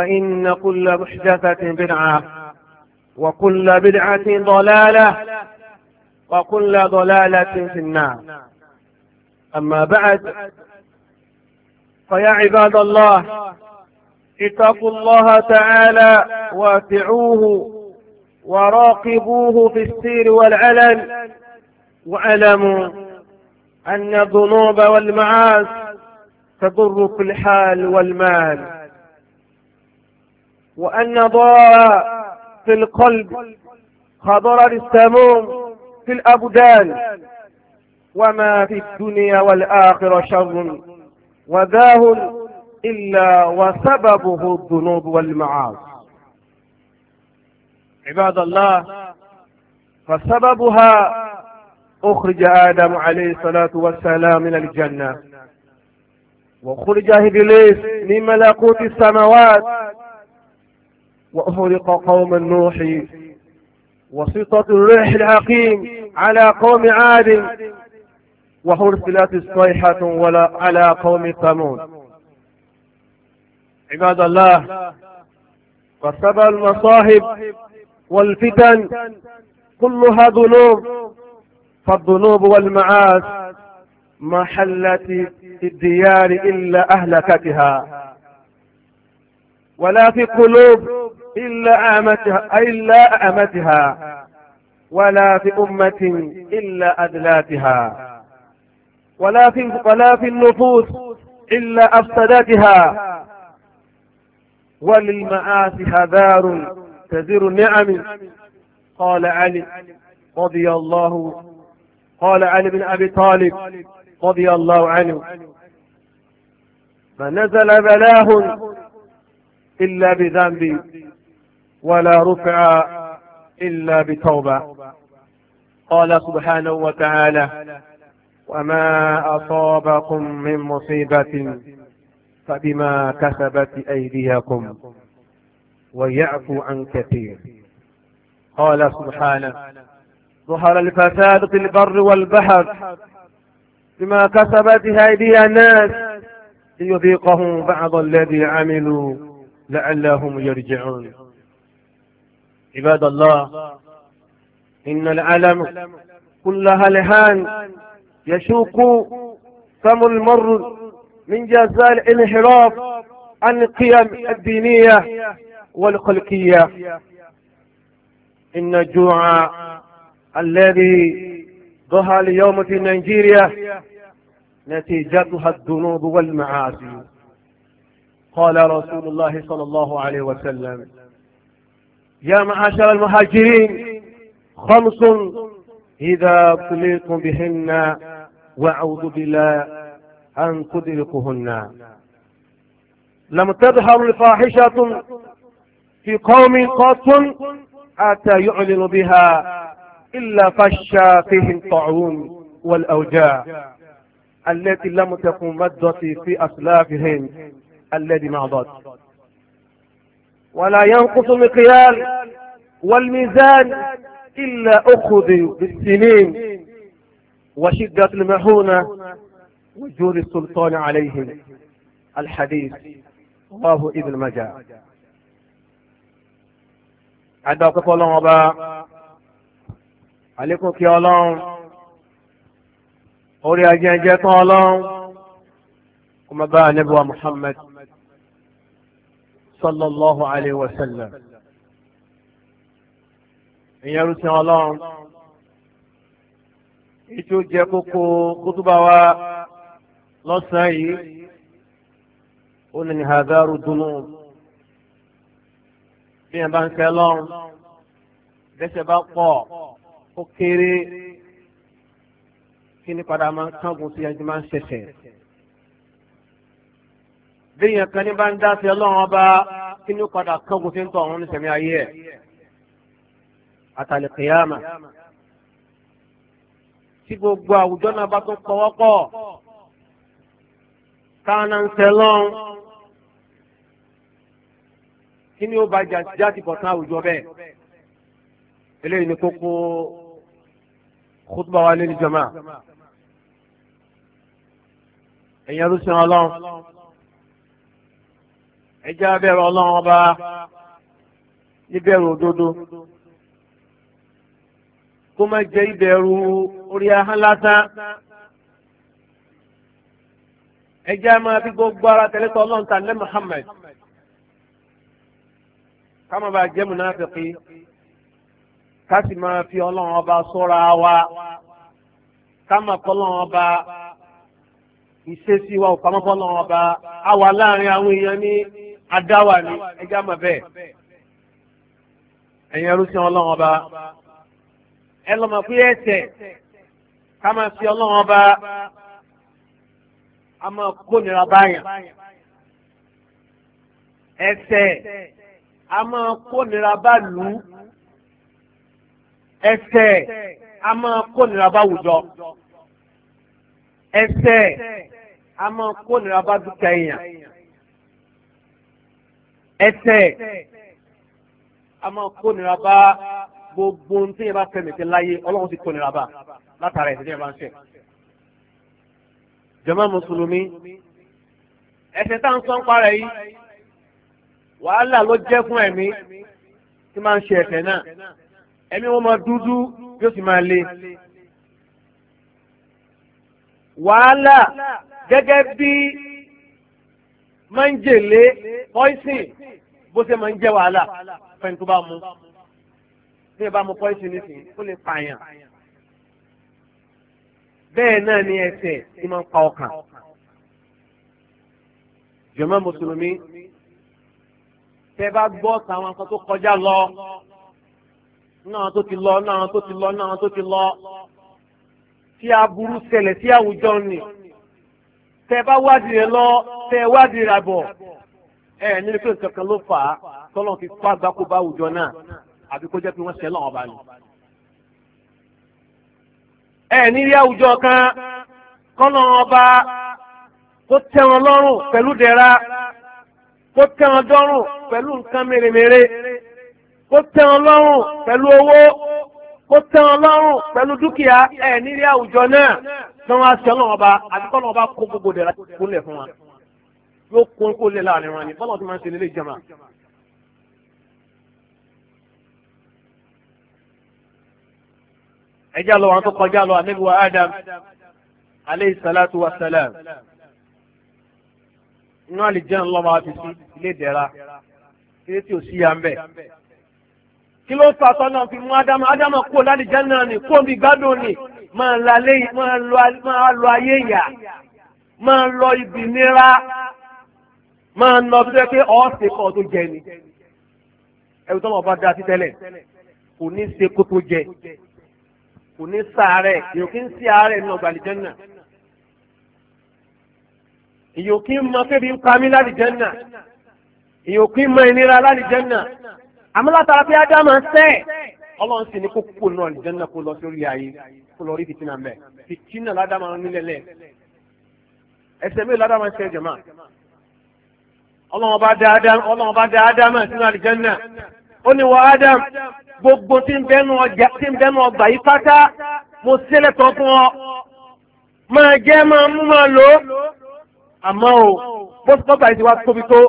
فإن كل محدثة بدعة وكل بدعة ضلالة وكل ضلالة في النار أما بعد فيا عباد الله اتقوا الله تعالى واتعوه وراقبوه في السير والعلن واعلموا أن الذنوب والمعاصي تضر في الحال والمال وأن ضاع في القلب خضر السموم في الأبدان وما في الدنيا والآخرة شر وذاه إلا وسببه الذنوب والمعاصي عباد الله فسببها أخرج آدم عليه الصلاة والسلام من الجنة وخرج إبليس من ملكوت السماوات وأفرق قوم النوح وسطة الريح العقيم على قوم عاد وهرسلت الصيحة ولا على قوم ثمود عباد الله فسبى المصاهب والفتن كلها ذنوب فالذنوب والمعاد ما حلت في الديار إلا أهلكتها ولا في قلوب إلا أمتها, إلا أمتها ولا في أمة إلا أدلاتها ولا في, ولا في النفوس إلا أفسدتها وللمآسي هذار تزر النعم قال علي رضي الله قال علي بن أبي طالب رضي الله عنه فنزل بلاه إلا بذنبي ولا رفع إلا بتوبة قال سبحانه وتعالى وما أصابكم من مصيبة فبما كسبت أيديكم ويعفو عن كثير قال سبحانه ظهر الفساد في البر والبحر بما كسبت أيدي الناس ليذيقهم بعض الذي عملوا لعلهم يرجعون عباد الله إن العالم كل هلهان يشوق فم المر من جزاء الانحراف عن القيم الدينية والخلقية إن الجوع الذي ظهر اليوم في نيجيريا نتيجتها الذنوب والمعاصي قال رسول الله صلى الله عليه وسلم يا معاشر المهاجرين خمس إذا ابتليتم بهن وأعوذ بالله أن تدركهن لم تظهر الفاحشة في قوم قط حتى يعلن بها إلا فشى فيهم الطاعون والأوجاع التي لم تكن مدت في أسلافهم الذي مضت ولا ينقص المقيال والميزان إلا أخذ بالسنين وشدة المهونة وجود السلطان عليهم الحديث الله ابن مجا عند قتل وباء عليكم يا الله أولي أجي أجيت الله وما بقى نبوة محمد صلى الله عليه وسلم ìyẹn ló ti hàn lọ́rùn ètò jẹ́ kókó kútúbà wa lọ́sàn-án yìí ó lè ní hadaru dunu bí ẹ bá ń fẹ́ lọ́rùn dẹ́ṣẹ̀ bá pọ̀ ó kéré kí ni padà máa ń kángun tí ẹ ti máa ń ṣẹ̀ṣẹ̀ bíyàn kan ní bá ń dá sí ọlọ́run ọba kí ni ó padà kángun tí ń tọ̀ ọ̀run ní sẹ̀mí ayé ẹ̀ àtàlẹ̀kẹ̀yàmà tí gbogbo àwùjọ náà bá tún pọwọ́pọ̀ káwọn ń sẹlọ́n kí ni ó bá jáde bọ̀ tán àwùjọ bẹ́ẹ̀ eléyìí ni kókó khutba wa lẹ́nu jọmọ́ ẹ̀yin arúgbó sẹ́wọ̀n ọlọ́run. ẹjẹ́ abẹ́rẹ́ ọlọ́run ọba níbẹ̀rù òdodo kó má jẹ́ ìbẹ̀rù orí ahọ́n lásán ẹjẹ́ máa fi gbogbo ara tẹ̀lé ọlọ́run tà ní Muhammad jẹ́ máa fi ọlọ́run ọba sọ́ra wa Kama má ọba ìṣesí wa ò adáwà ni ẹjẹ́ àmọ̀ bẹ́ẹ̀ ẹ̀yin ẹrú sí ọlọ́run ọba ẹ lọ́mọ pé ẹsẹ̀ ká máa fi ọlọ́run ọba a máa kónira báyà ẹsẹ̀ a máa kónira bá lù ú ẹsẹ̀ a máa kónira bá wùjọ ẹsẹ̀ a máa kónira bá dúkìá èèyàn ẹ̀ṣẹ̀ a máa kó nira bá gbogbo ohun tí yẹn bá fẹ́ mẹ̀tẹ́ láyé ọlọ́run ti kó nira bá látara ẹ̀ṣẹ̀ tí yẹn bá ń ṣẹ̀. jàmá mùsùlùmí ẹ̀ṣẹ̀ tá à ń sọ ń parẹ́ yìí wàhálà ló jẹ́ fún ẹ̀mí tí máa ń ṣe ẹ̀ṣẹ̀ náà ẹ̀mí wọn máa dúdú yóò sì máa le wàhálà gẹ́gẹ́ bí máa ń jèlé poison bó ṣe máa ń jẹ́ wàhálà fẹ́ni tó bá mu bí ẹ bá mu poison nísìnyí ó lè pààyàn bẹ́ẹ̀ náà ni ẹsẹ̀ tí máa ń pa ọkàn jọmọ mùsùlùmí tẹ bá gbọ́ táwọn kan tó kọjá lọ náà tó ti lọ náà tó ti lọ náà tó ti lọ tí aburú ṣẹlẹ̀ sí àwùjọ ni tẹ bá wádìí rẹ lọ tẹ wádìí rà bọ̀ ẹ nínú pé nǹkan kan ló fà á tọ́lọ́ fi kọ́ àgbákò bá àwùjọ náà àbí kó jẹ́ pé wọ́n ṣe lọ́wọ́ bá ní. ẹ nírí àwùjọ kan kọ́nà ọba kó tẹ́ wọn lọ́rùn pẹ̀lú dẹ̀ra kó tẹ́ wọn dọ́rùn pẹ̀lú nǹkan mèremère kó tẹ́ wọn lọ́rùn pẹ̀lú owó kó tẹ́ wọn lọ́rùn pẹ̀lú dúkìá ẹ nírí àwùjọ náà tí wọ́n á ṣe lọ́wọ́ bá àbí kọ́nà ọba kó gbogbo dẹ̀ra kúnlẹ̀ fún wa yóò kó kó lé láàrin wọn ni bọ́lá ọdún máa ń ṣe lélẹ́ ìjàmà. ẹjá lọ wọn tó kọjá lọ ànábì wa Adam aleyhi salatu wa salam inú àlìjẹ́ ńlọ máa fi sí ilé ìdẹ́ra kí tí ò sí ya ń bẹ̀. kí ló fa sọ́nà fi mú Adam Adam kó lálìjẹ́ náà ni kó mi gbádùn ni máa lọ ayé yà máa lọ ibi nira máa ń lọ bí wọ́n pé ọ̀ọ́sẹ̀ kan tó jẹ ni ẹ̀rù tọ́mọ̀ bá da sí tẹ́lẹ̀ kò ní ṣe kó tó jẹ kò ní sàárẹ̀ èyí kì í sí àárẹ̀ nínú ọgbà àlìjẹ́nà èyí kì í mọ kébi ń pa mí lálìjẹ́nà èyí kì mọ ìnira lálìjẹ́nà àmọ́ látara ádámà sẹ́ ọlọ́run sì ní kó kúkú náà àlìjẹ́nà kó lọ sórí ayé kó lọ rí fìtínà mẹ́ fìtínà ládàmà nílẹ̀ lẹ̀ ẹsẹ̀ mélòó ládàmà ń jẹ̀má ọlọ́wọ́n bá dá ádámù ọlọ́wọ́n bá dá ádámù sínú àlìjẹ́nà ó ní wọ ádámù gbogbo tí ń bẹnu ọjà tí ń bẹnu ọgbà yìí pátá mo sílẹ̀ tán fún ọ máa jẹ́ máa mú máa lò ó àmọ́ o bó ti tọ́gbà yìí ti wá tóbi tó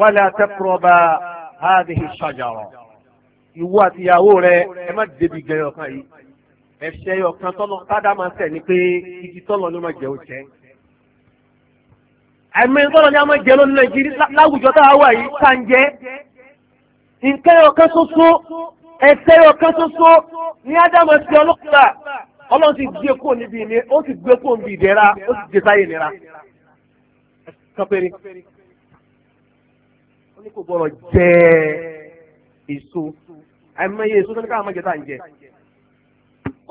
wala taqraba hadhihi shajara ìwọ àti ìyàwó rẹ ẹ má débi gẹ̀yọ̀ kan yìí ẹ̀ṣẹ̀ yọ̀ kan tọ́lọ́ tádà máa sẹ̀ ni pé igi tọ́lọ́ ni ó máa jẹ́ òjẹ́ àmì ìtọ́lọ̀ ní a máa jẹ lónìí nàìjíríà láwùjọ tá a wà yìí ká ń jẹ nǹkan ọ̀kan ṣoṣo ẹ̀sẹ̀ ọ̀kan ṣoṣo ní ádámù ti ọlọ́kùnrin ọlọ́run ti gbé kó níbi ìní ó sì gbé kó níbi ìdẹ́ra ó sì gbé sáyé nira kọ́pẹ́rẹ́ ó ní kò gbọ́dọ̀ jẹ èso àìmọye èso tó ní káwọn máa jẹ tá à ń jẹ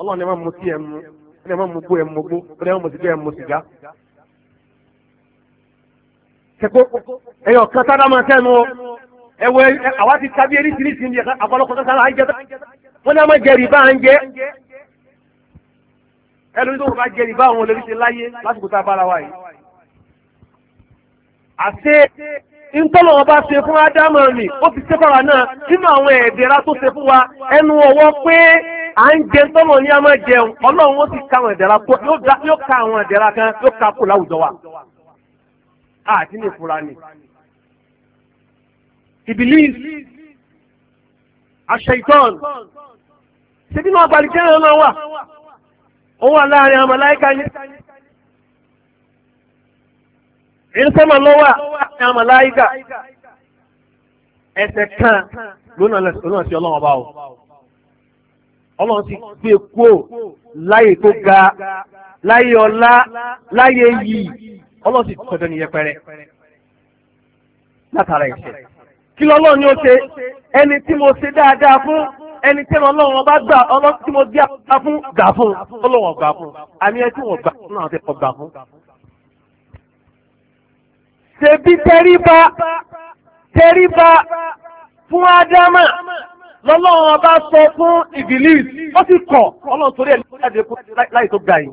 ọlọ́run ni wọ́n mú sí ẹmu ẹni wọ́n mú gbó ẹmu gbó ẹni wọ́n mú sí gbó ẹmu sìgá ẹ̀yọ̀ kan sára máa tẹ́nu ẹ̀wẹ̀ àwa ti tàbí eré tìrì sí àpọ̀lọpọ̀ sára àìjẹ́ wọ́n ní a máa jẹ rìbá à ń jẹ́ ẹlòmí tó bá jẹ rìbá àwọn olórí ṣe láyé lásìkò tá a bára wa yìí. àṣé ntọ́lọ̀ ọba ṣe fún ádámà mi ó ti ṣe fara náà nínú àwọn ẹ̀ẹ́dẹ̀ra tó ṣe fún wa ẹnu ọwọ́ pé à ń jẹ ntọ́lọ̀ ní a máa jẹun ọlọ́run ó ka àwọn ẹ̀dẹ̀ra kan yóò ka àwọn ẹ̀dẹ̀ra kan yóò ka kó láwùjọ wa àti ní ìfura ni. Ìbìlíìs, àṣẹ ìtọ́n, ṣe bí máa balùkẹ́ ẹ̀rọ náà wà, òun wà láàrin àwọn màláíkà ní. Ìrísẹ́mà lọ wà láàrin àwọn màláíkà. Ẹsẹ̀ kan lónà lọ́nà sí ọlọ́run ọba o. Ọlọ́run ti gbé e kúò láyé tó ga, láyé ọlá, láyé yìí ọlọ́run sì sọ̀dọ̀ ní yẹpẹrẹ látara ìṣẹ̀. kí lọ́lọ́run ni ó ṣe ẹni tí mo ṣe dáadáa fún ẹni tí ọlọ́run ọba gbà ọlọ́run tí mo bí apá fún gbà fún ọlọ́run ọgbà fún àmì ẹ tí wọ́n gbà fún àwọn akẹ́kọ̀ọ́ gbà fún. ṣèbí tẹríba tẹríba fún ádámà lọ́lọ́run ọba sọ fún ìbílíìsì ó sì kọ̀ ọlọ́run torí ẹ̀ láti láì tó gbà yìí.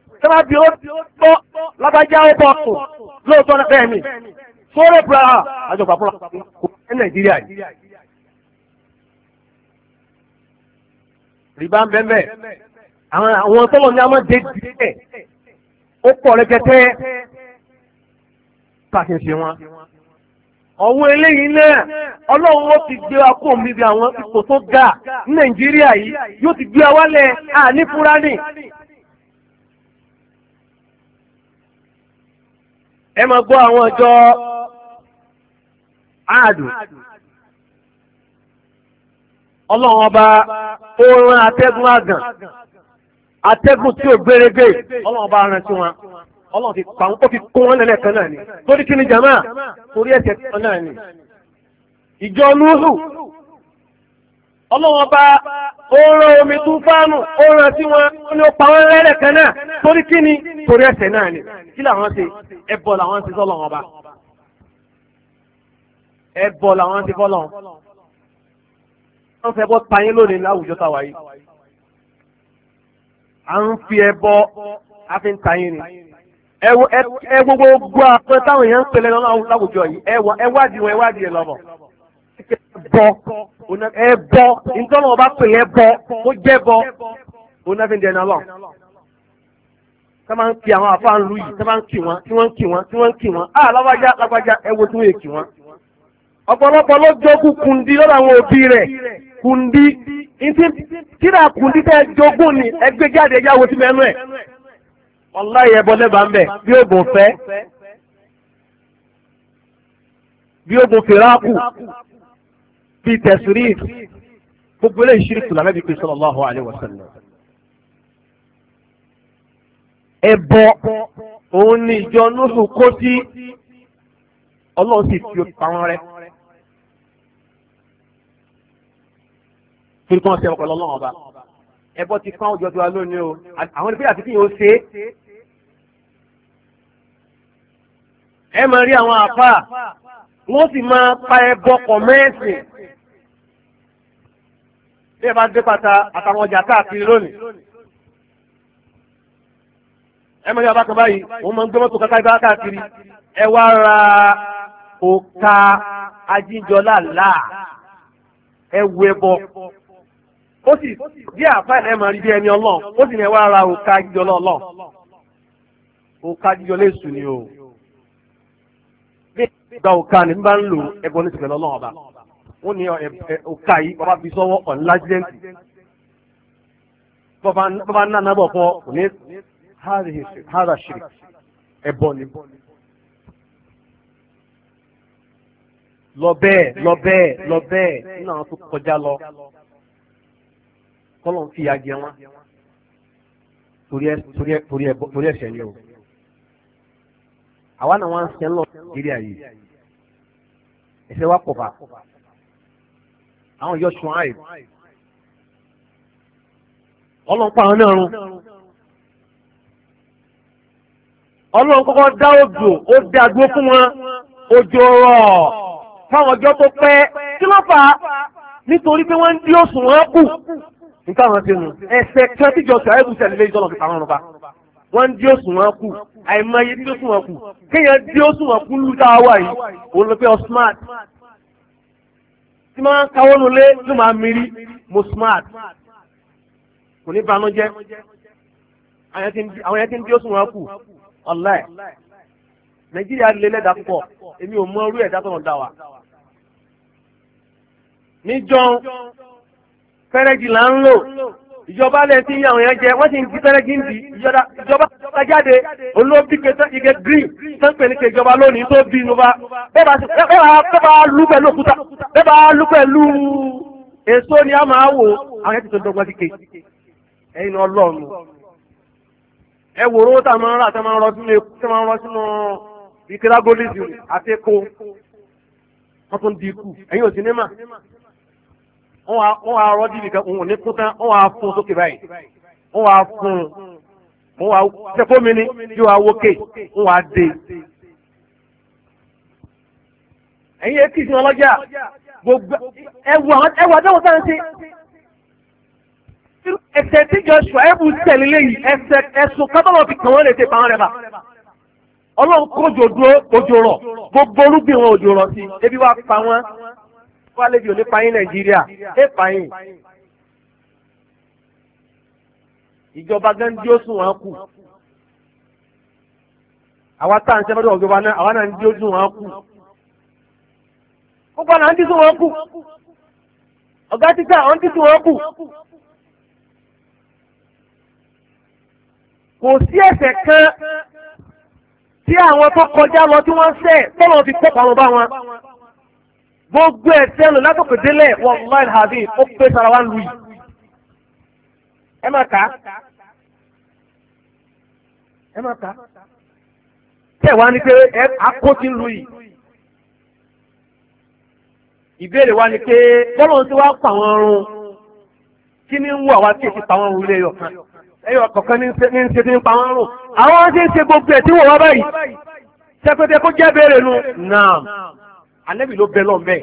tẹ́lá bí ó gbọ́ lábájá ó bọ̀ kù lóòótọ́ náà bẹ́ẹ̀ ni sóòrè bùrà àjọpọ̀ fúnra kò ní nàìjíríà yìí. rìbá ń bẹ́ẹ̀ àwọn àwọn tọ́lọ̀ ní a máa dé díẹ̀ ó pọ̀ rẹ́gẹ́tẹ́ pàṣẹ ṣe wọn. ọ̀wọ́ eléyìí náà ọlọ́run ó ti gbé wa kó níbi àwọn ipò tó ga ní nàìjíríà yìí yóò ti gbé wa wálẹ̀ àní fúra nì. ẹ máa gbọ́ àwọn ọjọ́ àádùn ọlọ́run ọba oorun rán atẹ́gùn àgàn atẹ́gùn tí ò gbérégbé ọlọ́run ọba rán sí wọn ọlọ́run ti pa ó fi kún wọn lẹ́lẹ̀ kan náà ni torí kí ni jama torí ẹ̀ṣẹ̀ kan náà ni ìjọ Núhù ọlọ́wọ́n bá ó rán omi tún fánù ó rán tí wọ́n ní ó pa wọ́n lẹ́rẹ̀ kan náà torí kí ni torí ẹ̀ṣẹ̀ náà ni kí làwọn ṣe ẹbọ làwọn ṣe sọ́lọ́wọ́n bá ẹbọ làwọn ṣe fọ́lọ́wọ́n wọ́n fẹ́ bọ́ tayín lónìí láwùjọ táwa yìí à ń fi ẹbọ a fi ń tayín ni ẹ gbogbo gbọ́ àpẹ táwọn èèyàn ń pèlè láwùjọ yìí ẹ wádìí wọn ẹ wádìí ẹ lọ́mọ. bọ́ ẹ bọ́ nítorí pè yẹn bọ́ ó jẹ́ bọ́ onáfíndẹ̀ náà lọ. sábà ń kí àwọn àfa ń lu yìí sábà ń kí wọn kí wọn kí wọn á ah, lágbájá lágbájá ẹ wo tí yẹ kí wọn. ọ̀pọ̀lọpọ̀ kundi lọ́dọ̀ àwọn òbí rẹ̀ kundi kundi jogún في tẹ̀sírí gbogbo eléyìí ṣíríkù lànàbí pé sallallahu alaihi wasallam. ẹ̀bọ òun ni ìjọ Nuhu kó sí ọlọ́run sì fi òpá wọn rẹ́. torí kan ṣe ọkọ̀ lọ́lọ́run ọba ẹbọ ti kán òjò tiwa lónìí o àwọn ìpínlẹ̀ àti kíyàn ó ṣe é. máa rí àwọn àfáà wọ́n sì máa pa ẹbọ kọ̀ bí ẹ bá dé pata àtàwọn ọjà káàkiri lónìí. ẹ mọ̀ ní abákan báyìí wọ́n máa ń gbé mọ́tò kankan ibà káàkiri ẹ wá ra òkà ajínjọlá láà ẹ wọ ẹbọ ó sì bí ẹ máa rí bí ẹni ọlọ́run ó sì ní ẹ wá o. bí ìgbà òkà ni bá wọ́n ní ọ̀ka yìí bàbá fi sọ́wọ́ ọ̀nlájẹ́ǹtì bàbá náà nábọ̀ fọ́ kò ní hàrà ṣìrì ẹ̀bọ ni. lọ bẹ́ẹ̀ lọ bẹ́ẹ̀ lọ bẹ́ẹ̀ nínú àwọn tó kọjá lọ kọ́lọ̀ ń fi ìyà jẹ wọn torí ẹ̀ṣẹ̀ ni o. àwa náà wá ń sẹ́ Nàìjíríà yìí ẹ̀ṣẹ̀ wa pọ̀ bá àwọn ìjọ ṣùáì ọlọ́pàá àwọn náà rún ọlọ́run kọ́kọ́ dá odò ó dé agbó fún wọn òjò rọ̀ fáwọn ọjọ́ tó pẹ́ kí ló fà á nítorí pé wọ́n ń dí òsùn wọn kù nǹkan àwọn ti nù ẹsẹ̀ kí wọ́n ti jọ sọ̀rọ̀ ẹ̀bùsẹ̀ lè jọlọ̀ fi pamọ́ ọ̀nà wọ́n ń dí òsùn wọn kù àìmọye dí òsùn wọn kù kéèyàn dí òsùn wọn kù lù dáwà yìí òun ló pé ọ smart tí máa ń káwọ́ nu lé ló máa miri mo smart kò ní banújẹ́ àwọn yẹn ti ń bí ó sùn wọn kù ọ̀la ẹ̀ nàìjíríà lè lẹ́dàá púpọ̀ èmi ò mọ orú ẹ̀dá tó ń dà wá. níjọ́ fẹ́rẹ́jì là ń lò ìjọba lẹ ti ń yàwọn yẹn jẹ wọ́n ti ń ti fẹ́rẹ́ gíńdì ìjọba ta jáde olóbi ike green sẹ́ńpẹ̀ ní kejọba lónìí tó bí inú bá bẹ́ẹ̀ bá lú pẹ̀lú òkúta bẹ́ẹ̀ bá lú pẹ̀lú èso ni a máa wò àwọn yẹn ti tó dọ́gba kíkè ẹ̀yin ọlọ́run ẹ wòró tá a máa ń rà tá máa ń rọ sínú epo tá máa ń rọ sínú ìkẹ́lágólísì àti epo wọ́n tún di ikú ẹ̀yin ò sí ní mà wọ́n wá rọ́jú nìkan òun ní kúta wọ́n wá fún sókè báyìí wọ́n wá fún un wọ́n wá sẹ́kọ́ mi ní yóò wá wókè wọ́n wá dé. ẹ̀yin etí ìsìn ọlọ́jà gbogbo ẹwà ẹwà dáhùn sáà ń ṣe. ẹsẹ̀ tí Joshua ẹ̀bù tẹ̀lé léyìí ẹsẹ̀ ẹ̀sùn kátọ́lọ̀ fi kàn wọ́n lè ṣe pàwọn rẹ̀ bá. ọlọ́run kó òjò dúró òjò rọ̀ gbogbo orúgbìn wọn òjò rọ̀ sí ebi wá pa wọn wọ́n lébi òní payín nàìjíríà é payín. ìjọba gan dí ó sùn wọn kù àwa tá à ń náà àwa náà dí ó sùn wọn kù gbogbo àná ń dí sùn wọn kù ọ̀gá títà ń dí sùn kan tí àwọn tó kọjá lọ tí wọ́n ń tọ́lọ́ fi kópa wọn bá wọn. gbogbo ẹ̀sẹ̀ lò látòkè délẹ̀ wọ́n máa ń hàbí ó pé sara wá lù yìí. ẹ máa kà á ẹ máa kà á tẹ̀ wá ní pé ẹ akóti ń lù yìí. ìbéèrè wa ni pé bọ́lá ti wá pa àwọn ọrùn kí ni ń wọ àwa tí èsì pa àwọn ọrùn ilé yọkan ẹyọ kọ̀ọ̀kan ní ń ṣe tí ń pa àwọn ọrùn àwọn ti ń ṣe gbogbo ẹ̀ tí wọ́n wá báyìí ṣẹ́pẹ́tẹ́ kó jẹ́ béèrè nu náà anabi ló bẹ lọ́n bẹ́ẹ̀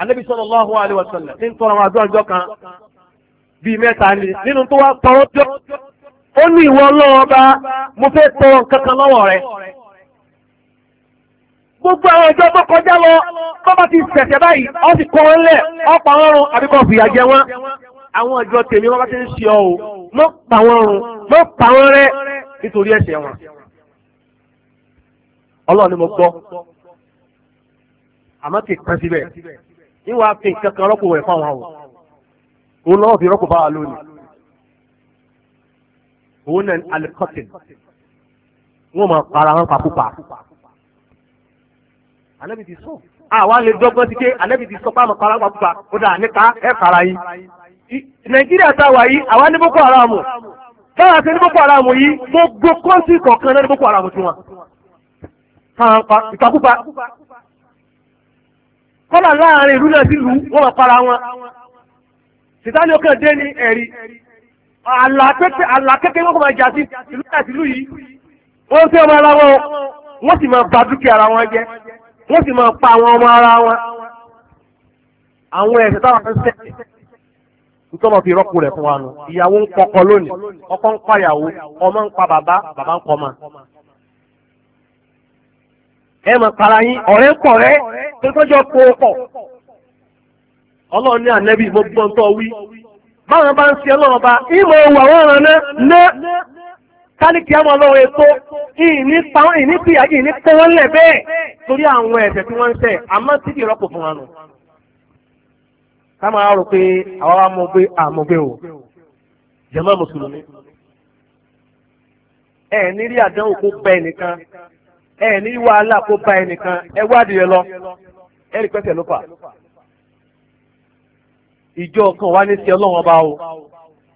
anabi sallallahu alaihi wasallam ní tọrọ àwọn àdúrà ọjọ́ kan bíi mẹ́ta ni nínú tó wá tọrọ jọ ó ní ìwọ lọ́wọ́ bá mo fẹ́ tọrọ nǹkan kan lọ́wọ́ rẹ gbogbo àwọn ọjọ́ tó kọjá lọ tó bá ti ṣẹ̀ṣẹ̀ báyìí ó sì kọ́ wọn lẹ̀ ó pa wọn run àbí kó fìyà jẹ wọn àwọn ọjọ́ tèmi wọn bá ti ń ṣe ọ o mọ́ pa wọn run mọ́ pa wọn rẹ nítorí ẹ̀ṣẹ̀ wọn ọlọ́run ni mo gbọ́ àmọ́ kì í pẹ́ síbẹ̀ níwọ̀n á fi nǹkan kan rọ́pò rẹ̀ fáwọn àwọn òun náà fi rọ́pò báwa lónìí òun náà alikọ́tìn wọ́n máa para wọn papòpà ànábì ti sọ àwa lè dọ́gbọ́n ti ké ànábì ti sọ pé àmọ̀ para wọn papòpà ó dà níta ẹ̀ para yín nàìjíríà táwa yìí àwa ní boko haram báwa ṣe ní boko haram yìí gbogbo kọ́ńtì kọ̀ọ̀kan náà ní boko haram tiwọn pàǹpà ìpakúpa kọ́là láàrin ìlú náà sílùú wọ́n máa para wọn sìtáni ó kàn dé ní ẹ̀rí àlà kékeré wọn kò máa jà sí ìlú náà sílùú yìí wọ́n fi ọmọ ara wọn wọ́n sì máa ba dúkìá ara wọn jẹ́ wọ́n sì máa pa àwọn ọmọ ara wọn àwọn ẹ̀ṣẹ̀ táwọn ń sẹ́yìn nítorí fi rọ́pò rẹ̀ fún wa nù ìyàwó ń kọ́kọ́ lónìí ọkọ ń pa ìyàwó ọmọ ń pa bàbá bàbá ń kọ́ máa. ẹ para yín ọ̀rẹ́ kọ̀rẹ́ tó tọ́jọ́ pọ̀ ọlọ́run ní ànẹ́bí wí báwọn bá ń ṣe ọlọ́run ọba ìmọ̀ òwò àwọn ọ̀ràn náà ná kálíkì àmọ́ ọlọ́run ètò lẹ̀ bẹ́ẹ̀ torí àwọn ẹ̀ ẹ ní wàhálà kó bá ẹnìkan ẹ wádìí rẹ lọ ẹ rí pẹ́sẹ̀ ló fà. ìjọ kan wá ní sí ọlọ́run ọba o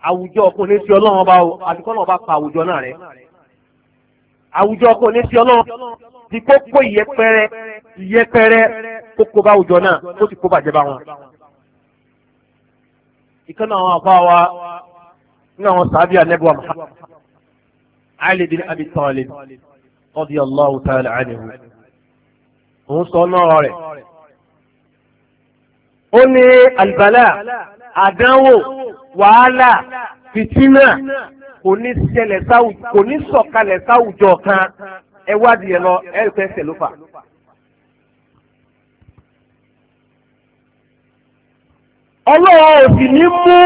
àwùjọ kan ní sí ọlọ́run ọba o àdìkọ́ náà bá pa àwùjọ náà rẹ. àwùjọ kan ní sí ọlọ́run ti kókó ìyẹpẹrẹ ìyẹpẹrẹ kókó bá àwùjọ náà ó ti kó bàjẹ́ bá wọn. ìkànnì àwọn àbá wa ní àwọn sàbíà nẹ́bùwà Muhammad Ali bin Abi Talib radiyallahu ta'ala anhu òun sọ náà rẹ̀ ó ní àlùbálà àdánwò wàhálà fìtínà kò ní ṣẹlẹ̀ sáwùjọ kò ní sọ̀kalẹ̀ sáwùjọ kan ẹ wádìí ẹ lọ ẹ fẹ́ ṣẹ̀ ló fà. ọlọ́wọ́ ò sì ní mú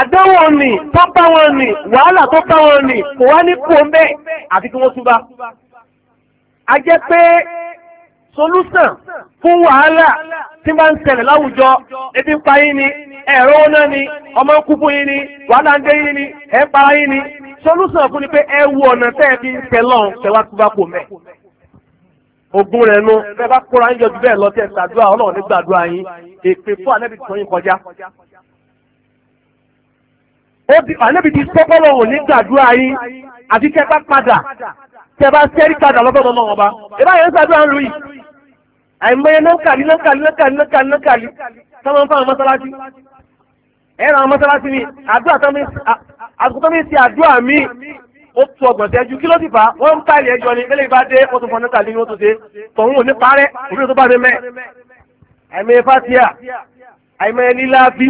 àdánwò ni tó bá wọn ni wàhálà tó bá wọn ni kò wá ní kú omi àfi kí wọ́n túbá. a jẹ́ pé solúsàn fún wàhálà tí bá ń ṣẹlẹ̀ láwùjọ ebi ń pa yín ni ẹ̀rọ náà ni ọmọ ń kú fún yín ni wàhálà ń dé yín ni ẹ̀ ń para yín ni solúsàn fún ni pé ẹ wo ọ̀nà tẹ́ ẹ fi ń tẹ lọ́hùn tẹ wá túbá kò ogun rẹ̀ nu bẹ́ẹ̀ bá kóra ń yọjú bẹ́ẹ̀ lọ tẹ̀ ṣàdúrà ọlọ́run nígbàdúrà yín èpè fún àlẹ́bí ànábì ti sọ́kọ́lọ̀ ò ní gbàdúrà yín àti kẹ́ bá padà kẹ́ bá sẹ́rí padà lọ́gbọ́n ọmọ ọba ìbá yẹn sàdúrà ń lu yìí àìmọye lọ́nkàlí lọ́nkàlí lọ́nkàlí lọ́nkàlí lọ́nkàlí sọ́mọ́ ń fáwọn mọ́sálásí ẹ̀rọ àwọn mọ́sálásí ni àdúrà tó mi àsìkò tó mi ti àdúrà mi ó tu ọgbọ̀n tẹ́jú kí ló ti fà á wọ́n ń pààlì ẹjọ́ ni bẹ́lẹ̀ bá dé wọ́n tún fọ́n lọ́nkàlí ni wọ́n tún ṣe tọ̀hún ò ní parẹ́ òbí tó bá mi mẹ́ àìmọye fásíà àìmọye líláàbí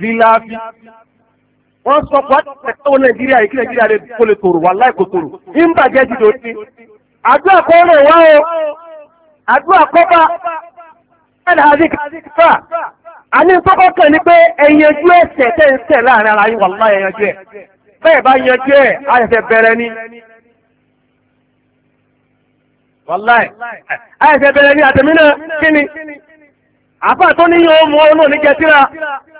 líláàfí wọ́n sọ pé wọ́n nàìjíríà yìí kí nàìjíríà lè kó lè tòrò wà láì kó tòrò ń bàjẹ́ jìdò sí àdúrà kọ́ wá o àdúrà kọ́ bá ẹ̀dà kọ́kọ́ pé ẹ̀sẹ̀ ń sẹ̀ láàrin ara yín wà láì ẹ̀ ni wàláì àyẹ̀fẹ̀ bẹ̀rẹ̀ ni àtẹ̀mínà kíni tó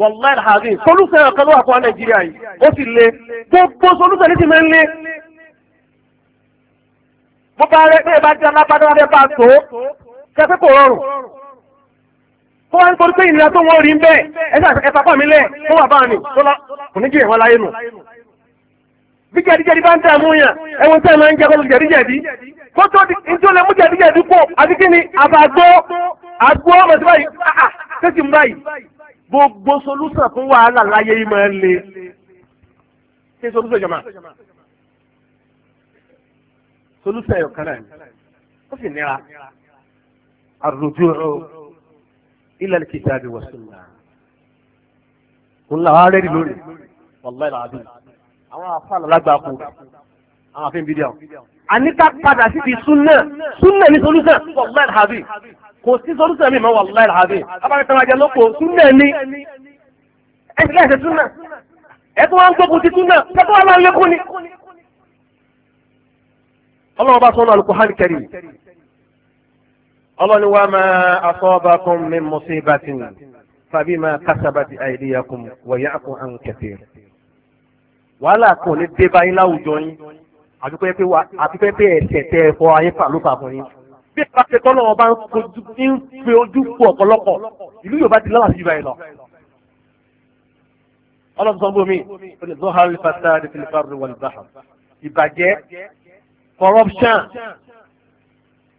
wọ̀lá ìhàrí solúsẹ̀ ọ̀kan ló wà fún nàìjíríà yìí ó sì le gbogbo solúsẹ̀ ní ti máa ń le bó bá rẹ bẹ́ẹ̀ bá jẹ́ alábàdàn rẹ bá tó kẹfẹ́ kò rọrùn tó wá nítorí pé ìnira tó wọ́n rí ń bẹ́ẹ̀ ẹ̀sà ẹ̀fà pọ̀ mí lẹ̀ tó wà bá ní kò ní jìyàn wọn láyé nù bí jẹ̀díjẹ̀dí bá ń tẹ̀ mú yàn ẹ̀wọ̀n tẹ̀ máa ń jẹ́ kó jẹ̀díjẹ̀dí kó tó ìjọ lè mú jẹ̀díjẹ̀dí pọ̀ àti kí ni àbàgbọ́ àgbọ́ ọmọ gbogbo solúsàn fún wàhálà láyé yìí máa ń le ṣé solúsàn jọmọ solúsàn ẹ̀yọ̀ kan náà ni ó sì nira àrùjọ ila al-kitabi wa sunnah ń là wá rẹ́rì lónìí wallahi al-azim àwọn afáàlà lágbàákú àwọn afẹ́ bídíà. àníkà padà síbi súnà súnà ní solúsàn wallahi al kò sí sọ́dúnṣẹ́ mi mọ́ wà láì ràbí abáfẹ́fẹ́ máa jẹ lọ́pọ̀ súnà ni ẹ ti láì ṣe súnà ẹ tó wá ń gbógun ti súnà ẹ tó wá máa lékún ni. ọlọ́run bá sọ́nà Al-Qur'an Karim ọlọ́ni wa ma asabakum min musibatin fabima kasabat aydiyakum wa ya'fu an wàhálà kan ní dé láwùjọ yín àti pé pé ẹ̀ṣẹ̀ tẹ́ ẹ ayé fà ló fà fún yín bí ẹ bá ṣe tọ́lọ́ ọba ń pe ojú fo ọ̀pọ̀lọpọ̀ ìlú Yorùbá ti lọ́wọ́ sí ibà yìí lọ. ọlọ́run sọ bómi zohar fata de filifar wal bahr ìbàjẹ́ corruption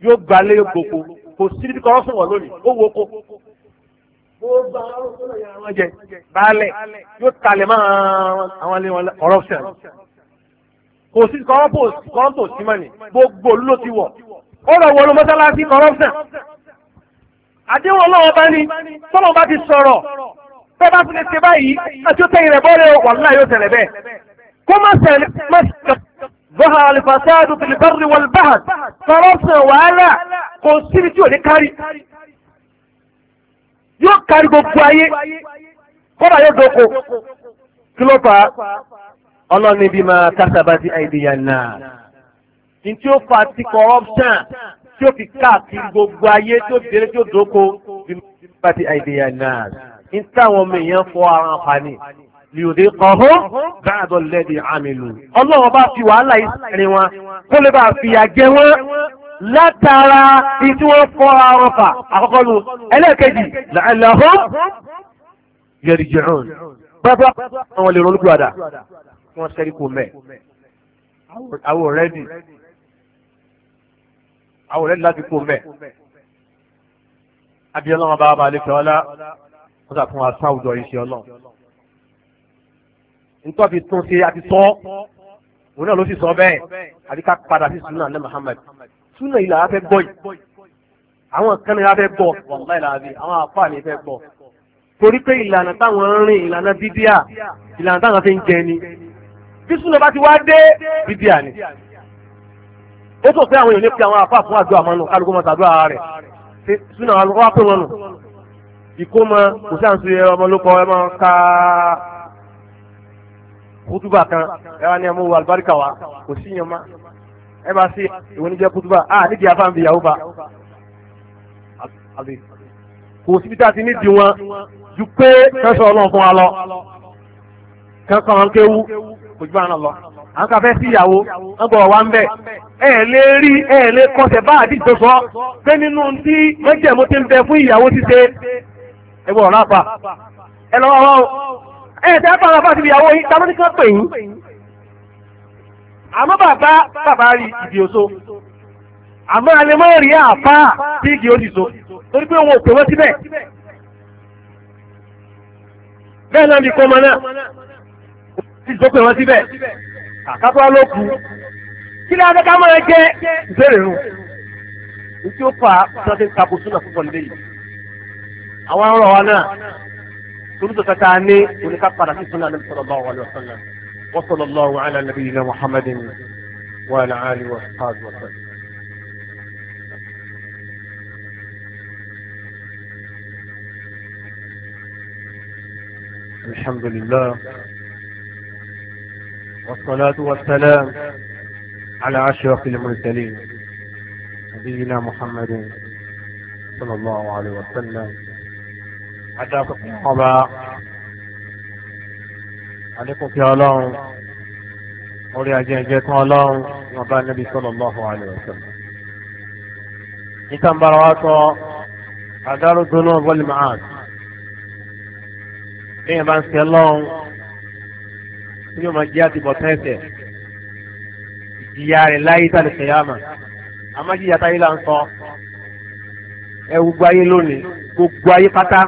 yóò gbalé gbogbo kò sí ibi corruption wọ̀ lónìí ó wo ko gbogbo àwọn ọ̀sán yẹn àwọn jẹ baálẹ̀ yóò talẹ̀ mọ́ àwọn ilé wọn corruption kò sí corruption sí mọ́ni gbogbo olú ló ti wọ̀ ó rọ̀ wọ́n mọ́sálásí corruption àdéhùn ọlọ́wọ́ bá ní tọ́lọ́ bá ti sọ̀rọ̀ tó bá ti lè ṣe báyìí àti ó tẹ̀yìn rẹ̀ bọ́ọ̀rẹ́ wàhálà yóò tẹ̀lẹ̀ bẹ́ẹ̀ kó má ṣẹlẹ̀ má ṣẹlẹ̀ bọ́hà alifasadu bilibari walbaha corruption wàhálà kò síbi tí ò ní kárí yóò kárí gbogbo ayé kọ́dà yóò doko kí ló fà á ọlọ́ni bí máa kásábá sí àìdíyàn náà ní tí ó fa ti corruption tí ó fi káàkiri gbogbo ayé tí ó bèrè tí ó dóko bí mo ti bá ti àìdèyà náà ní táwọn ọmọ èèyàn fọ ara àǹfààní lìòdè kọ̀ọ̀hó báàdọ̀ lẹ́dí àmìlú. ọlọ́run bá fi wàhálà ìsẹ̀rin wọn kó lè bá fìyà jẹ wọn látara ìtí wọn fọ ara fà àkọ́kọ́ lu ẹlẹ́ẹ̀kejì làálàhó yẹrìjìrún bàbá àwọn lè ronú gbọ́dà wọn sẹ́ríkù mẹ́ àwọn ọ̀rẹ́dì àwọn ọ̀rẹ́ láti kó mẹ́ abiyọ́lá wọn bá wà lè fẹ́ ọlá wọ́n sà fún wa sáwùjọ iṣẹ́ ọlọ́run nítorí fi tún ṣe àti sọ òun náà ló sì sọ bẹ́ẹ̀ àti ká padà sí sunna ní Muhammad sunna yìí làwọn fẹ́ gbọ́ yìí àwọn kan ní wọ́n fẹ́ gbọ́ wàláì làwọn àwọn àfáà ní fẹ́ gbọ́ torí pé ìlànà táwọn ń rìn ìlànà bíbíà ìlànà táwọn fi ń jẹ ni bí sunna bá ti wá dé bíbíà ni ó tó fẹ́ àwọn èèyàn ní pé àwọn àfa fún àdúrà mọ́nu kálukú mọ́ta àdúrà rẹ̀ sínú àwọn ọlọ́wọ́ pé wọn nù ìkómọ kò sí àǹtí ọmọ ló kọ ẹ máa ka kútúbà kan ẹ wá ní ẹ mú àlùbáríkà wa kò sí yẹn má ẹ bá sí ìwọ níjẹ kútúbà a nídìí afá ń bi ba kò síbi tá a ti nídìí wọn ju pé kẹsàn-án ọlọ́run fún wa lọ kẹsàn-án kéwu kò jù bá ń lọ àwọn kan fẹ́ sí ìyàwó wọ́n gbọ́ wá ń bẹ̀ ẹ̀ lè rí ẹ̀ lè kọsẹ̀ bá àdìs tó sọ pé nínú tí mẹ́jẹ̀mú ti ń bẹ fún ìyàwó ṣíṣe ẹ gbọ́ ọ̀rá pa ẹ lọ́wọ́ wọn ẹ̀ tẹ́ bá wọn bá ti ìyàwó yín ta ló ní kí wọ́n pè yín àmọ́ bàbá bàbá rí ìdí òso àmọ́ alẹ́ mọ́ rí àfáà tí igi ó so torí pé wọn ò pè wọ́n síbẹ̀ bẹ́ẹ̀ náà ni kọ́mọ náà ti so pè síbẹ̀ àkátó alóku kí ni adé ká máa jẹ ìbéèrè rún ní tí ó fà á tí wọ́n ti ń tako súnà púpọ̀ nílé yìí àwọn ọ̀rọ̀ wa náà turutu kata ní oníkà padà sí súnà ní sọlọ lọ́wọ́ alẹ́ ọ̀sán náà wọ́n sọlọ lọ́wọ́ alẹ́ nàbí ilẹ̀ muhammadin wa alẹ́ alẹ́ wa sàbàbí wa sàbàbí. الحمد لله والصلاة والسلام على أشرف المرسلين نبينا محمد صلى الله عليه وسلم أداك الصحابة عليكم في الله أولي أجيجيكم الله وبا النبي صلى الله عليه وسلم إتم برواته أدار الذنوب والمعاد إيه بانسي الله tí yóò máa jẹ́ àtibọ̀tán ẹ̀ṣẹ̀ ìyá rẹ̀ láyé tàbí kẹyàmà amájíyà táyé là ń sọ ẹ gbogbo ayé lónìí gbogbo ayé pátá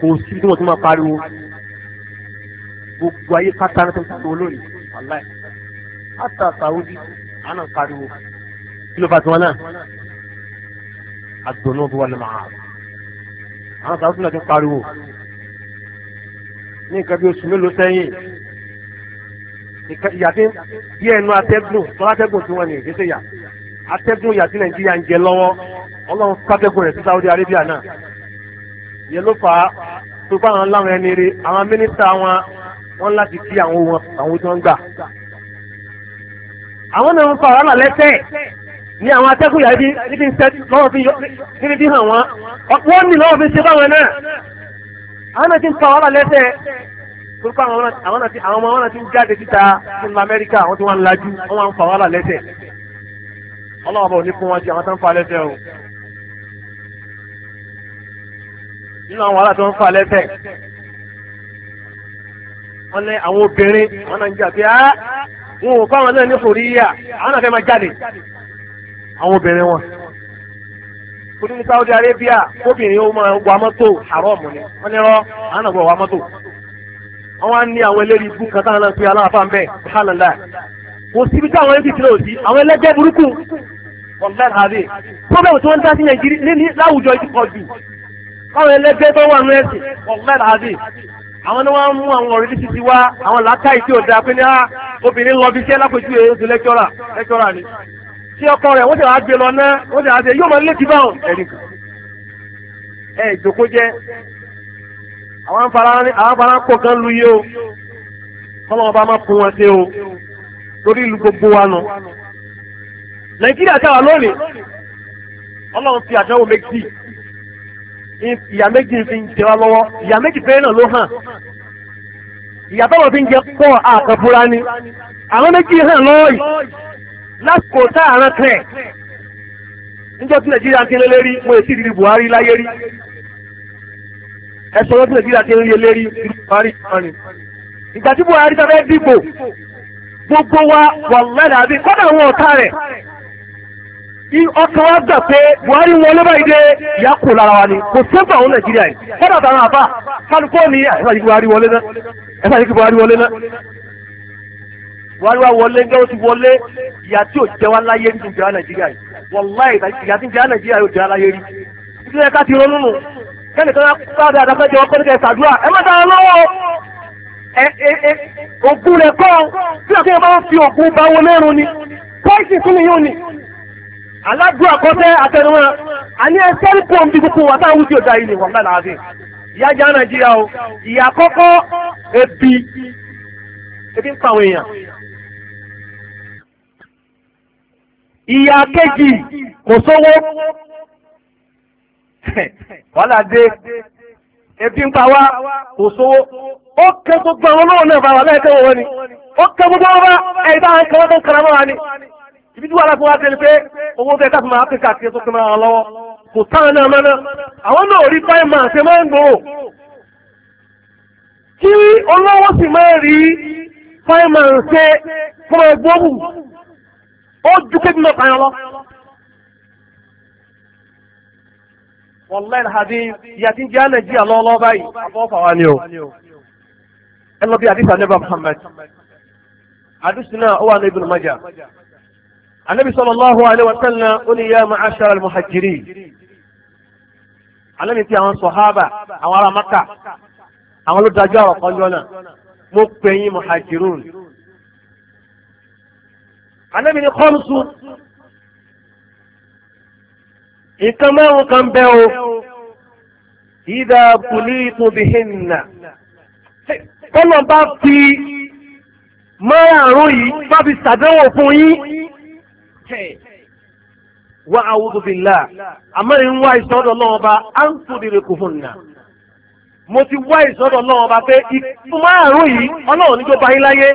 kò sí tí wọ́n ti máa pariwo gbogbo ayé pátá ní tó ń pariwo lónìí wàláì àtà sàwùdí àná pariwo kí ló bá tiwọn náà àgbọ̀nà òbí wà ní màá àwọn sàwùdí náà ti pariwo ní nǹkan bí oṣù mélòó sẹ́yìn ìyàtí bí ẹnu atẹ́gùn tọ́lá atẹ́gùn tí wọ́n ní ìgbésẹ̀ yà atẹ́gùn ìyàtí nàìjíríà ń jẹ lọ́wọ́ ọlọ́run kátẹ́gùn rẹ̀ sí Saudi Arabia náà yẹ ló fà á tó bá àwọn láwọn ẹni rí àwọn mínísítà wọn wọn láti kí àwọn wọn àwọn tí wọn gbà. àwọn náà ń fa wàhálà lẹ́sẹ̀ ní àwọn atẹ́gùn ìyàtí níbi ń sẹ́ lọ́wọ́ fi yọ níbi fi hàn wọn wọ́n ní lọ́wọ́ fi ṣe báwọn náà àwọn náà ti ń fa wàhálà lẹ́sẹ̀ torípa àwọn ọmọ wọn ti ń jáde síta nínú Amẹ́ríkà wọ́n ti wá ń lajú wọ́n wá ń fa wàhálà lẹ́sẹ̀ ọlọ́wọ́ bọ̀ ní fún wọn ti àwọn tó ń fa lẹ́sẹ̀ o nínú àwọn wàhálà tó ń fa lẹ́sẹ̀ wọ́n lé àwọn obìnrin wọ́n náà ń jà pé á wọn ò fáwọn náà ní fòríyà àwọn náà fẹ́ máa jáde àwọn obìnrin wọn kò ní Saudi Arabia kóbìnrin ó máa wa mọ́tò haram ni wọ́n ní rọ́ àwọn náà gbọ́ wa mọ́tò wọ́n wá ní àwọn eléyìí ikú kan táwọn náà pé aláàfáà ń bẹ̀ hànàlá kò síbi tí àwọn eléyìí ti lè sí àwọn ẹlẹ́jẹ́ burúkú ọ̀gbẹ́n àbí pọ́bẹ́mù tí wọ́n ń dá sí nàìjíríà ní láwùjọ ìdíkọ̀ jù káwọn ẹlẹ́jẹ́ tó wà ní ẹ̀sìn ọ̀gbẹ́n àbí àwọn ni wọ́n mú àwọn ọ̀rẹ́ títí ti wá àwọn làákà ìdí òdà pé ní ah, obìnrin lọ bí iṣẹ́ lápẹjú èyí lẹ́kọ́rà ni tí ọkọ àwọn afárá kó kan lu yé o kọ́lọ́wọ́ bá má kún wọn sí o torí ìlú gbogbo wa nù. nàìjíríà táwa lónìí ọlọ́run fi àdánwò méjì ìyà méjì fi ń jẹ wá lọ́wọ́ ìyà méjì fẹ́rẹ́ náà ló hàn ìyà táwọn fi ń jẹ pọ̀ àkànfúra ni àwọn méjì hàn lọ́wọ́ yìí lásìkò táàrán tẹ̀ níjọ́ tí nàìjíríà ń kéré lérí mo èsì ìdìrí Buhari láyé rí. ẹ̀sọ́ lọ́sí nàìjíríà ti ń rí eléri parí parí. ìgbà tí buhari ta fẹ́ dìbò gbogbo wa wà lẹ́nà àbí kọ́nà àwọn ọ̀tá rẹ̀ ọkàn wa gbà pé buhari wọlé báyìí dé ìyá kò lára wa ni kò sẹ́gbà àwọn nàìjíríà yìí kọ́nà àtàwọn àbá ni ẹ̀fà yìí buhari wọlé náà buhari wa wọlé gẹ́gẹ́ ti wọlé ìyá tí ò jẹ́ wa láyé ìjọba nàìjíríà yìí ìyá tí ń jẹ́ nàìjíríà yóò jẹ́ wa láyé rí kẹ́nìkan sáàdà àdàkọ́ jẹ́ ọkọ́ níkẹ́ ṣàdúrà ẹ má dára lọ́wọ́ ògùn rẹ̀ kọ́ tí àti ẹ̀ máa ń fi ògùn bá wọn lẹ́run ni pọ́ìsì tún ni yóò ní aládùn àkọ́tẹ́ àtẹnuwọn àní ẹsẹ́ ń pọ̀ níbi gbogbo wa táwọn ọ̀dà yìí ni wọ́n náà láàbẹ̀ ìyá jẹ́ nàìjíríà o ìyá àkọ́kọ́ ebi ebi ń pa àwọn èèyàn ìyá kejì kò sówó wàhálà dé ebi ń pa wá kò sówó ó kẹ́ gbogbo àwọn olówó náà bá wà láìpẹ́ wọ́n ni ó kẹ́ gbogbo wọn bá ẹ̀yìn bá ń kẹ́ wọ́n tó ń kara mọ́ wa ni ibi tí wàhálà fún wa tẹ́lẹ̀ pé owó bẹ́ẹ̀ káfí máa áfíríkà kí ẹ tó kẹ́ máa lọ́wọ́ kò táwọn náà mọ́ná àwọn náà rí báyìí máa ṣe máa ń gbòòrò kí olówó sì máa rí báyìí máa ń ṣe fún ẹgbóhùn ó ju kébìnà kan wọ́lẹ́ ìhàdí ìyá tí ń jẹ́ alẹ́ jí àlọ́ọ́lọ́ báyìí àfọ́fà wa ni o ẹ lọ bí àdìsá nebà Muhammad àdìsí náà ó wà ní Ibn Majah anabi sallallahu alaihi wa sallam ó ní yá ma'ashara al-muhajirin alẹ́ àwọn sọ̀hábà àwọn ará maka àwọn ló dájọ́ ọ̀rọ̀ kan mo pè yín muhajirun anabi ni khamsun. nǹkan márùn kan bẹ́ o ìdá kùlìtù bìhìnnà tọ́lọ̀ bá fi márùn yìí bá fi ṣàdánwò fún yín wa a'udhu billah àmọ́ ń wá ìsọ́dọ̀ náà bá á ń kò fún nà mo ti wá ìsọ́dọ̀ náà ọba pé ìfún márùn yìí ọlọ́run ní bá yín láyé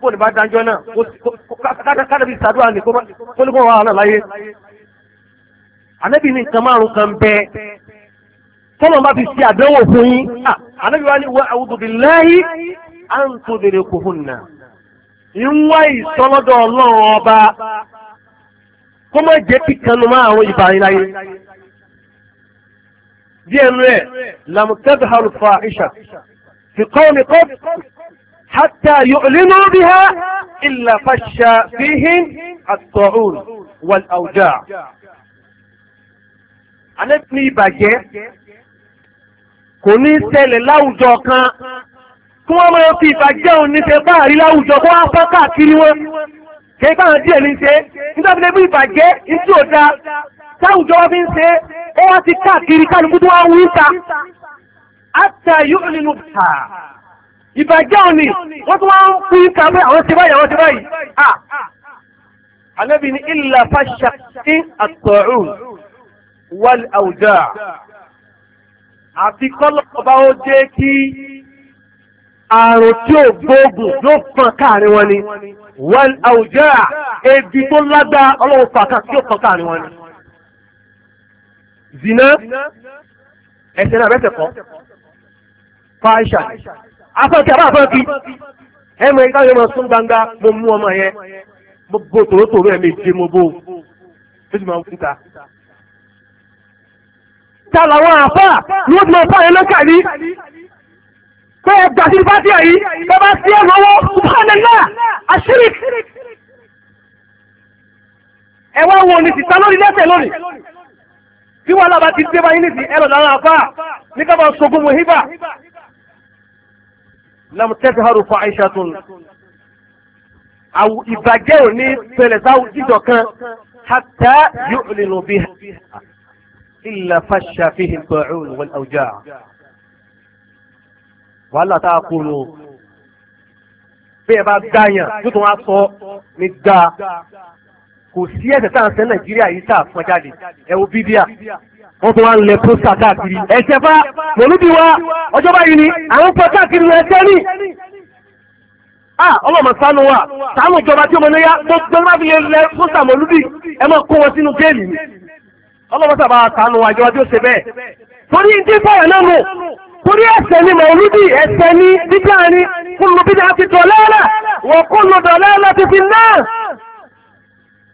kó ní bá dájọ́ náà kó ní kó ànábì ní nǹkan márùn kan bẹ tọ́lọ̀ bá bi si àdánwò fún yín ànábì wa ní wa a'udhu billahi an tudrikuhunna in wa isolo do ọlọ́run ọba kuma jẹ́ ti kanu ma márùn ìbàrin láyé díẹ̀ enu ẹ̀ lam tadhharu fa'isha fi qawmi qad حتى يعلنوا بها إلا فشى فيهم الطعون والأوجاع àlẹ́bí ní ìbàjẹ́ kò ní ṣẹlẹ̀ láwùjọ kan kí wọ́n máa fi ìbàjẹ́ òun ní ṣe báàrí láwùjọ kó wá pọ́ káàkiri wọn kì í báwọn díẹ̀ ní ṣe nígbà tí lẹ́bí ìbàjẹ́ ní tí ò da táwùjọ wọn fi ń ṣe ó wá ti káàkiri kálukú tó wá wú ta àtà yóò nínú bàtà ìbàjẹ́ òní wọ́n tún wá ń kú ìka pé àwọn ti báyìí àwọn ti báyìí à ah, alẹ́bí ah. ni ìlà fàṣà àtọ̀rù wal awda àti kọ́lọ́ọ̀bá ó jẹ́ kí àrùn tí ò gbóògùn yóò fàn káàrin wọn ni wal awda ebi tó lágbára ọlọ́run fàkà tí ó fàn káàrin wọn ni. zina ẹsẹ̀ náà bẹ́sẹ̀ kọ́ fáìṣà afọ́nkí abáfọ́nkí ẹ̀mọ ẹ̀ká yóò máa sún gbangba mo mú ọmọ yẹn mo bo tòrótòró ẹ̀ méje mo bo ó sì máa ń fúta ta làwọn àfáà ló ti máa fáyẹ lọ́kà ní pé ẹgbà sí fásitì yìí tó bá sí ọ̀nà owó subhanallah àṣírí ẹwà wo ni tìta lórí lẹ́sẹ̀ lónìí tí wọ́n lábá ti dé báyìí nìsí ẹlọ lára àfáà ní kábà ṣogun mu hibà lam tazharu fahishatun ìbàjẹ́ ò ní pẹlẹ̀ sáwù jíjọ kan hatta yu'linu biha إلا فش فيه الطاعون والأوجاع ولا تقولوا bí ẹ bá dáyàn tó tún wá sọ ní dáa kò sí ẹ̀sẹ̀ tá à ń sẹ́ nàìjíríà yìí tá à fún jáde ẹ wo bíbíà wọ́n tún wá ń lẹ pósítà káàkiri ẹ̀sẹ̀ bá mọ̀lúbí wa ọjọ́ báyìí ni àwọn pọ̀ káàkiri ẹ̀sẹ̀ ní. ọlọ́mọ sánú wa sánú ìjọba tí ọmọ náà yá tó gbẹ́rẹ́ bá fi lẹ pósítà mọ̀lúbí ẹ máa kó wọn sínú géèlì ni ọlọ́wọ́ sábà kanu àjọ ọjọ́ ṣe bẹ́ẹ̀ torí ndí báyọ̀ náà nù torí ẹsẹ̀ ni mọ̀lúdì ẹsẹ̀ ni bíbá ni kúlù bíbá ti tọ̀ lẹ́ẹ̀lá wọ́n kúlù tọ̀ lẹ́ẹ̀lá ti fi náà.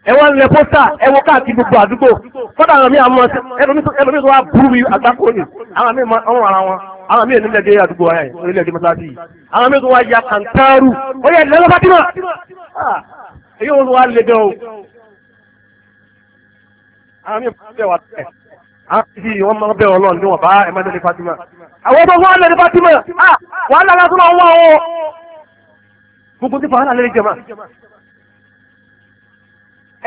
ẹ wọ́n lẹ pósítà ẹ wọ káàkiri gbogbo àdúgbò kọ́dà àwọn míì àwọn ẹlòmíì tó wá burú bí àgbákò ni àwọn míì ọ̀run ara wọn àwọn míì onílẹ̀-èdè àdúgbò ẹ̀ onílẹ̀-èdè mọ́sáàsì àwọn míì tó wá ya kàńtàrù ó yẹ lẹ́lọ́bátìmọ̀ ah, èyí wọn wá lè dẹ́ o àwọn mi bẹ̀ wà tẹ̀ àwọn tí wọ́n máa bẹ̀ ọlọ́run ní wọ́n bá ẹ̀ máa lórí Fatima àwọn tó wọ́n lórí Fatima wọ́n lára tó máa ń wá o gbogbo tí fàánà lórí jẹ̀mà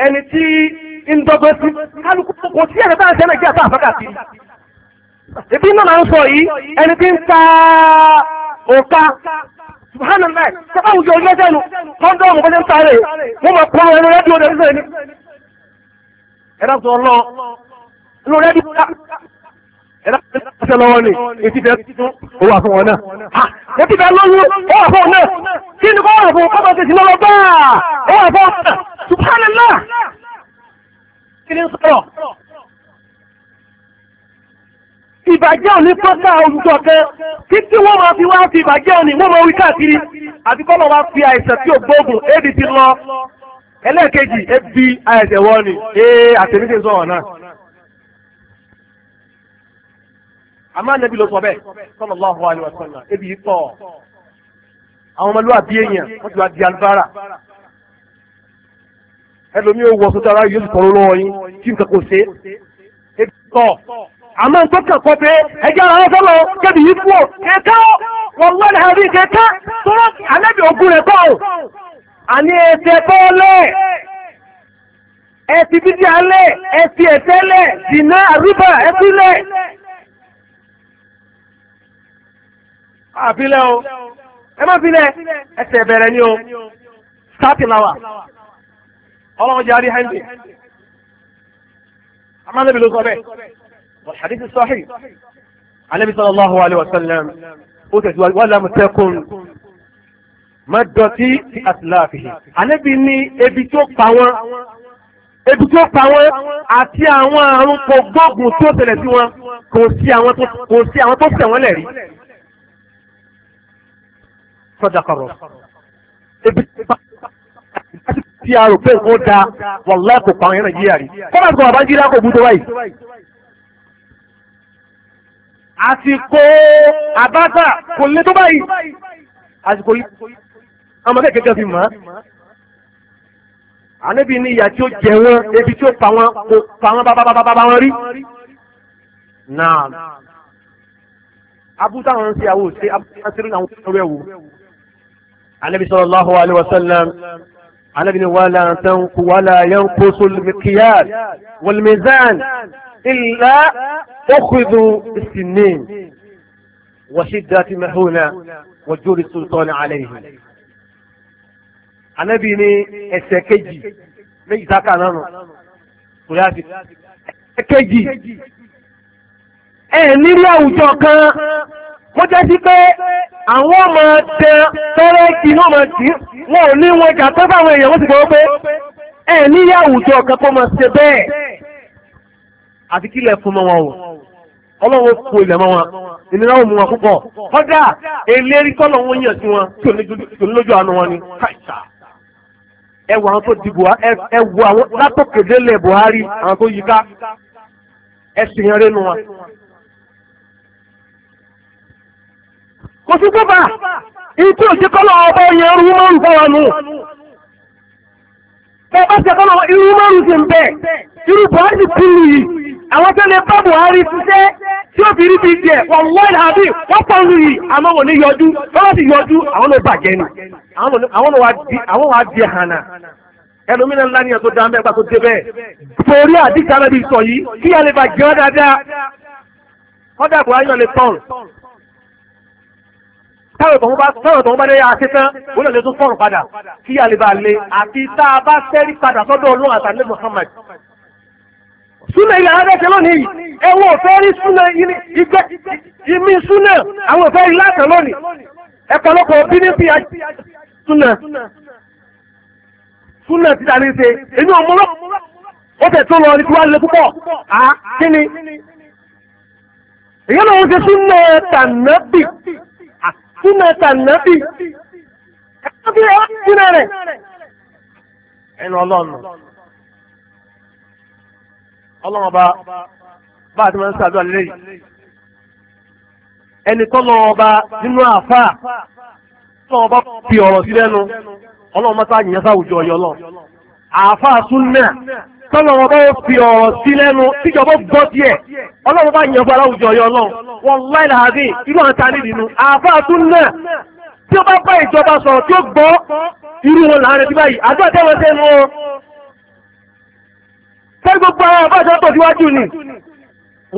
ẹni tí ń dọ́gbọ́n sí kálukú kò sí ẹ̀rẹ́ bá ń sẹ́nà jẹ́ àtàfẹ́kà sí ìbí náà ń sọ yìí ẹni tí ń ta òka subhanallah sábà wùjọ ojú ẹsẹ̀ nu kọ́ńdọ̀mù bọ́sẹ̀ ń ta rẹ̀ wọ́n máa pọ́n ẹni rẹ́díò rẹ̀ ẹ̀dá tó lọ inú rẹ̀ dúdú ẹ̀dá tó ṣe lọ́wọ́ ni etí fẹ́ tuntun ó wà fún wọn náà etí fẹ́ lọ́wọ́ ó wà fún wọn náà kí ni kó wà fún kọ́kọ́ tẹ̀sí lọ́wọ́ bá ó wà wọn náà subhanallah kí ni sọ̀rọ̀ ìbàjẹ́ òní pọ́tà olùjọ kẹ kí tí wọ́n máa fi wá fi ìbàjẹ́ òní wọ́n máa wí káàkiri àti kọ́lọ̀ wá fi àìsàn tí ò gbóògùn adc lọ ẹlẹ́ẹ̀kejì ebi àìsẹ̀ wọ́n ni ee àtẹ̀mísẹ̀ sọ̀rọ̀ náà àmọ́ ànábì ló sọ bẹ́ẹ̀ sallallahu alaihi wasallam ebi yìí pọ̀ àwọn ọmọlúwàbí èèyàn wọ́n ti wá di alibára ẹlòmí ò wọ sọ́tara yóò sì tọrọ lọ́wọ́ yín kí nǹkan kò ṣe ebi pọ̀ àmọ́ nǹkan kan kọ́ pé ẹjẹ́ yìí rẹ̀ kọ́ àní ẹ̀tẹ̀ bọ́ọ̀lẹ̀ ẹ̀tì bídí alẹ́ ẹ̀tì ẹ̀tẹ́lẹ̀ dìná àríbà ẹ̀fílẹ̀ àfilẹ̀ o ẹ má filẹ̀ ni o sátìláwà ọlọ́run jẹ́ àrí hẹ́ndì amánàbí ló sọ bẹ́ẹ̀ والحديث الصحيح عن النبي صلى الله عليه وسلم وتزوج ولم تكن mọ́dọ̀tí àtìláàfihì ànábì ní ebi tó pa wọ́n ebi tó pa wọ́n àti àwọn àrùn kògbóògùn tó tẹ̀lẹ̀ sí wọn kò sí àwọn tó tẹ̀ wọ́n lẹ̀ rí sọ́dàkọ̀rọ̀ ebi tó pa tí a rò pé nǹkan da wàlá kò pa àwọn ẹran yíyà rí kọ́nà tó bàbá jíra kò bútó báyìí. àsìkò àbáta kò lè tó báyìí àsìkò yìí ọmọ kékeré fi mọ́ ànábì ní ìyà tí ó jẹ wọn ebi tí ó pa wọn kò pa wọn bábábábá wọn rí náà abúta wọn ṣe àwọn òṣè abúta ṣe àwọn ọ̀rẹ́ wò ànábì sallallahu alaihi wasallam ànábì ní wàhálà tanku wàhálà yanqusul miqyal wal mizan illa ukhidhu sinin wa shiddati mahuna wa juri sultan alayhi anabi ní ẹsẹ̀ kejì méjì tá a kà náà nù kúrẹ́ àti kejì ẹ nílé àwùjọ kan wọ́n jẹ́ sí pé àwọn ọmọ tẹ tọ́rẹ́ kí wọ́n mọ̀ sí wọn ò ní wọn jà tó fáwọn èèyàn wọ́n sì gbọ́ pé ẹ nílé àwùjọ kan kó mọ̀ ṣe bẹ́ẹ̀ àti kílẹ̀ fún mọ́ wọn o ọlọ́wọ́ kó ilẹ̀ mọ́ wọn ìnira òmù wọn púpọ̀ kọ́dà eléri kọ́lọ̀ yàn sí wọn tí ní lójú àánú wọn ni káìsà ẹ wo àwọn tó di Buhari ẹ wo àwọn látòkè délẹ̀ Buhari àwọn tó yíká ẹ sì yan rénu wọn. kò sí gbọ́bà èyí tí òjì kọ́lọ̀ ọba yẹn rú márùn fáwọn nù. bẹ́ẹ̀ bá ti kọ́lọ̀ irú márùn ti ń bẹ̀ irú Buhari ti kú nìyí àwọn tó lè bá Buhari ṣiṣẹ́ tí ó fi rí bí jẹ wọ́n wọ́n àbí wọ́n pọ̀lú yìí àmọ́ wọ́n ní yọjú lọ́wọ́ sì yọjú àwọn ló bàjẹ́ nù àwọn wà di hànà ẹlòmínà ńlá ni ẹ̀tọ́ dáa mẹ́gbà tó dé bẹ́ẹ̀ torí àdìsá náà bí sọ yìí kí ẹ lè bá jẹ́ ọ́ dáadáa kọ́dà Buhari náà lè tọ̀n táwọn ìbọn bá táwọn ìbọn bá lè yá ṣe tán wọ́n lè tún fọ̀rùn padà kí ẹ lè bá lè àti tá a bá sẹ́rí padà sọ́dọ̀ Ọlọ́run àtàlẹ́ Muhammad súnà ilẹ̀ alábẹ́sẹ̀ lónìí ẹwọ́ òfẹ́ rí súnà igbẹ́ ìmí súnà àwọn òfẹ́ rí látàn lónìí ẹ̀pọ̀lọpọ̀ bí ní fi súnà súnà ti dà ní ṣe èmi ò ó tẹ̀ tó lọ ní tiwa lè púpọ̀ à kí ni èyí lòun ṣe súnà tànàbì súnà tànàbì bí ọlọ́run ọba bá a ti máa ń sàdúrà lélẹ́yìí ẹni tọ́lọ́ ọba nínú àfà tọ́lọ́ ọba fi ọ̀rọ̀ sí lẹ́nu ọlọ́run mọ́tà yìnyẹn sáwùjọ ọ̀yọ́ lọ àfà súnmẹ́ tọ́lọ́ ọba ó fi ọ̀rọ̀ sí lẹ́nu tíjọba gbọ́ díẹ̀ ọlọ́run bá yẹn fún aláwùjọ ọ̀yọ́ lọ wọn láì láàbí irú àǹtà nídìí nu àfà súnmẹ́ tí ó bá bá ìjọba sọ̀rọ̀ tí ó gbọ́ irú wọn láàrin ṣé gbogbo àwọn àbájọ tó síwájú ni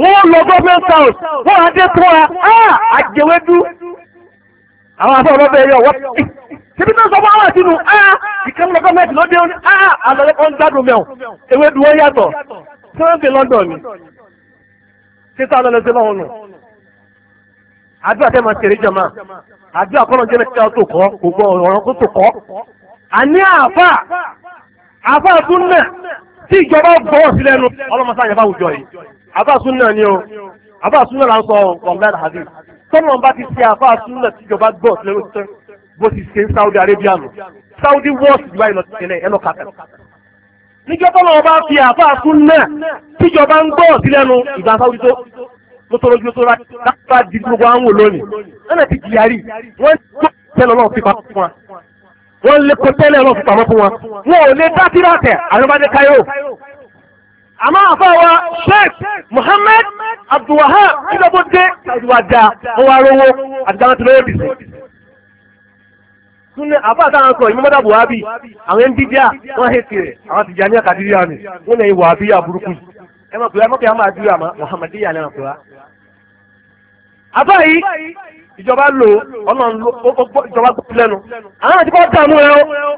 wọ́n lọ government house wọ́n á dé fún wa àjẹwédú àwọn àbọ̀ ọlọ́bẹ̀ yọ wọ́n ṣebí náà sọ fún àwọn àtinú ìkànnì gọ́ọ̀mẹ̀ntì ló dé àlọ́lẹ́kọ́ ń gbádùn mẹ́wọ̀n ewédú wọn yàtọ̀ tí wọ́n ń fi London ni títà ọlọ́lẹ́sẹ̀ lọ́wọ́ nù àdúrà tẹ́ máa ṣeré jọmọ́ àdúrà kọ́nà jẹ́ mẹ́ta tó kọ́ gbogbo ọ̀rọ̀ kó tó kọ́ àní àfà àfà tún náà tí ìjọba gbọ́wọ́ sí lẹ́nu ọlọ́mọsá àyẹ̀bá àwùjọ yìí àbá súnà ni o àbá súnà là ń sọ wàhálà àhàbí tọ́nà bá ti ṣe àbá súnà tí ìjọba gbọ́ sí lẹ́nu tán bó ti ṣe Saudi Arabia nù Saudi wọ́ọ̀sì ìwà ìlọ tẹ̀lẹ̀ ẹnu kàtà níjọba náà bá fi àbá súnà tíjọba ń gbọ́ sí lẹ́nu ìgbà Saudi tó lótólójú tó rákà di gbogbo àwọn lónìí wọ́n lé kó tẹ́lẹ̀ lọ́sùn fún wọn wọn ò lè dá tíráàtẹ̀ àlọ́bàdé káyọ̀ àmọ́ àfọwọ́ sheikh Muhammad Abdulwahab ìjọba dé àdúwàjà wá rówó àdìgbà tó lóyè bìsí. Súnlẹ̀ àbáta àwọn sọ ìmọ̀mọ́dà Buhari àwọn ẹni dídíà wọ́n hẹ́ àwọn ni wọ́n lè wà bí àbúrúkú yìí. Ẹ ìjọba lò ọlọ́run ìjọba gbọ́ lẹ́nu àwọn àti kọ́ dààmú rẹ o.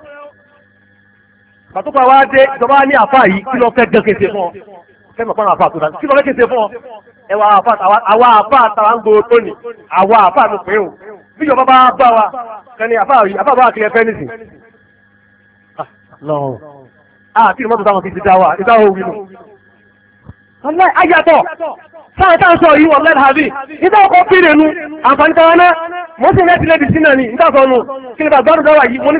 pàtókò àwa dé ìjọba ní àfa yìí kí ló fẹ́ gẹ́ kése fún ọ fẹ́mi ọ̀pọ̀ àfa àtúndà kí ló fẹ́ kése fún ọ ẹwà àfa àwa àfa àtàwọn ń gbòòrò tóní àwa àfa mi pè é o bí ìjọba bá bá wa kẹ́ni àfa àfa bá kiri ẹfẹ́ nísìn. Ah, lọ́wọ́ a ah, kí ni mọ́tò táwọn fi ti dá wa ìdáwó wí nù. Ọlọ́run ayàtọ̀, sáà tá ń sọ yìí wọ̀n lẹ́nu àbí, nígbà ọkọ̀ péré nu, àǹfààní kan náà, mo sì lẹ́sí lẹ́bi sí náà ni, nígbà kan nu, kí ni bàbá àdúrà yìí, mo ní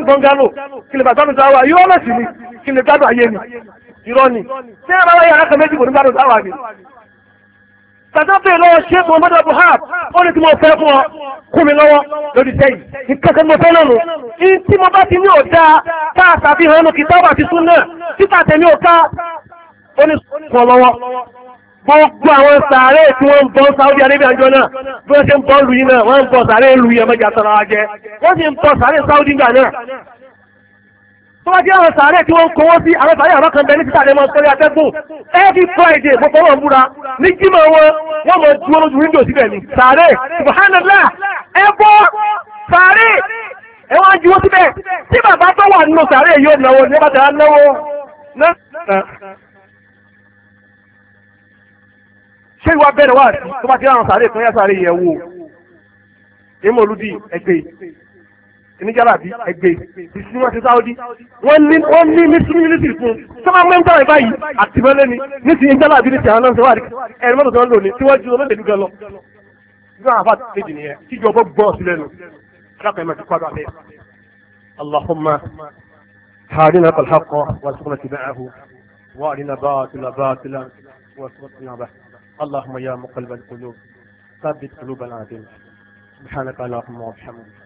nǹkan gánò, kí ni bàbá àdúrà wà, yóò lọ́sì mi, kí ni gbádùn ayé mi, irọ́ ni. Ṣé ẹ bá wáyé alákan méjì kò ní gbádùn àwà mi? Tàtàfẹ́ lọ́wọ́ ṣe fún ọmọdé Abu Hab, ó ní tí mo fẹ́ fún ọ, kún mi lọ́wọ́ lórí sẹ́yìn. Ìkẹ́kẹ́ mo fẹ́ náà nù. Ìyí tí mo bá ti ní ọ̀dà, táà tàbí hànú kìtàbà ti sún náà, títà tẹ̀mí ọ̀ká, ó gbogbo àwọn sàárè tí wọ́n ń bọ́ Saudi Arabia jọ náà bí wọ́n ṣe ń bọ́ lu yìí náà wọ́n ń bọ́ sàárè lu yìí ẹ̀mẹ́jà sọ̀rọ̀ wa wọ́n sì ń bọ́ sàárè Saudi gbà náà tó bá àwọn sàárè tí wọ́n ń sí àwọn sàárè ní títà every Friday gbogbo wọn búra ní jímọ̀ wọn ṣé ìwà bẹ̀rẹ̀ wà sí tó bá ti ráhùn sáré kan yá sáré yẹn wò emoludi ẹgbẹ́ oníjàlábí ẹgbẹ́ ìsinmi wọn ti sáwọ́dí wọ́n ní wọ́n ní mísímílítì fún sábà mẹ́ta rẹ̀ báyìí àtìmọ́lé ni ní ti oníjàlábí ní ti àwọn náà sọ́wọ́dí ẹ̀rọ mọ́tò tó ń lò ní tí wọ́n ju olóṣèlú gan lọ. gbọ́n àfa tètè nìyẹn kíjọ bọ́ gbọ́ sílẹ̀ nù ṣáàpẹ̀ mẹ́tì kwadà bẹ́ẹ̀. allahumma hadina alhaqa wa sọ́kùnrin tibaahu wa arina baatila baatila اللهم يا مقلب القلوب ثبت قلوبنا عليك سبحانك اللهم وبحمدك